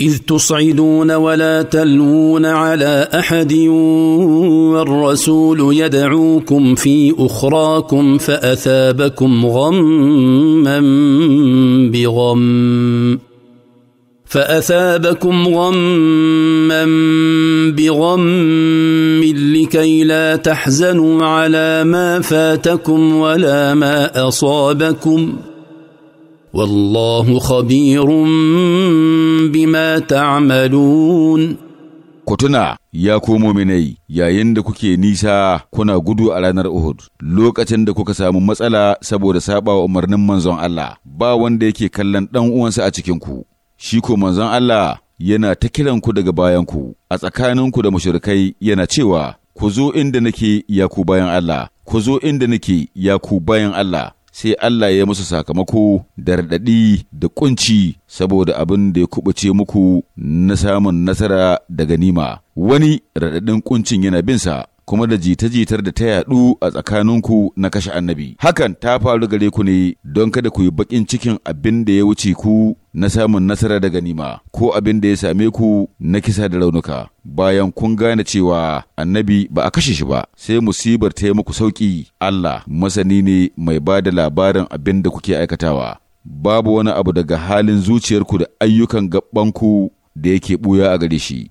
إذ تصعدون ولا تلوون على أحد والرسول يدعوكم في أخراكم فأثابكم غما بغم فأثابكم غما بغم لكي لا تحزنوا على ما فاتكم ولا ما أصابكم ۖ والله خبير بما تعملون ku tuna ya ku muminai yayin da kuke nisa kuna gudu a ranar Uhud lokacin da kuka samu matsala saboda saba wa umarnin manzon Allah ba wanda yake kallon dan uwansa a cikin ku shi ko manzon Allah yana ta kiran ku daga bayan ku a tsakanin ku da mushrikai yana cewa ku zo inda nake ya ku bayan Allah ku zo inda nake ya ku bayan Allah sai Allah ya musu sakamako da raɗaɗi da kunci saboda abin da ya kubuce muku na samun nasara da ganima wani raɗaɗin kuncin yana binsa kuma da jita-jitar da ta yaɗu a tsakaninku na kashe annabi hakan ta faru gare ku ne don kada ku yi baƙin cikin abin da ya wuce ku na samun nasara da ganima ko abin da ya same ku na kisa da raunuka bayan kun gane cewa annabi ba a kashe shi ba sai musibar ta yi muku sauki Allah masani ne mai ba da labarin abin da kuke aikatawa babu wani abu daga halin zuciyarku da ayyukan gabanku da yake buya a gare shi